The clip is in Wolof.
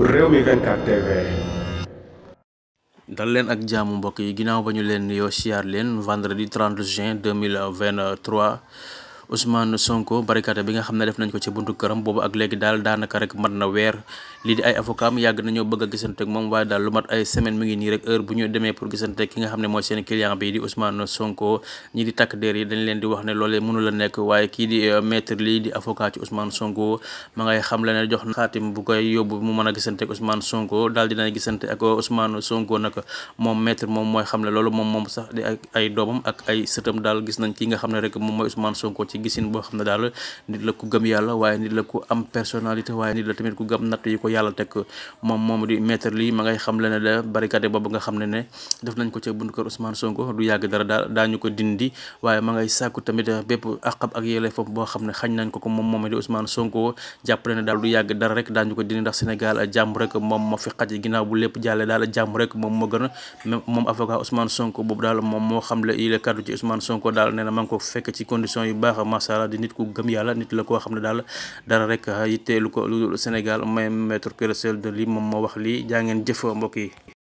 Rewmi 24 dal leen ak jaamu mbokk yi ginnaaw ba ñu leen nuyoo siyaar leen vendredi 30 juin 2023 Ousmane Sonko barricade ne def nañ ko ci buntu këram daal daanaka rek mat na weer lii di ay avocat a gisante ak moom waaye daal lu mat ay semaine mu ngi nii leen di wax ne loolee mënu la nekk waaye kii di euh, maître lii di avocat ci Ousmane Sonko ma ngay xam le ne jox na xaatim bu koy a gisante ak Ousmane Sonko daal dina gisante euh, moom mooy xam le loolu moom moom sax di ay doomam ak ay sëtam daal gis nañ ki nga xam ne rek moom mooy Ousmane Sonko ci gisin boo xam ne daal nit la ku gëm yàlla waaye nit la ku am personnalité waaye nit la tamit ku gëm natt yi ko yàlla teg moom moom di maître lii ma ngay xam le ne da barricade boobu nga xam ne ne def nañ ko ca buntu moom moom di Ousmane a boobu daal moom moo xam le yile ci Ousmane Sonko daal nee na ma fekk ci condition yu baax macha allah di nit ku gëm yàlla nit la koo xam ne daal dara rek yitte lu ko lu Sénégal may maître Ciré Clédor Ly moom moo wax lii jaa ngeen jëf mbokk yi